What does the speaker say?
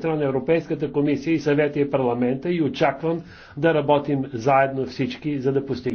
страна на Европейската комисия и съвета и парламента и очаквам да работим заедно всички, за да постигнем.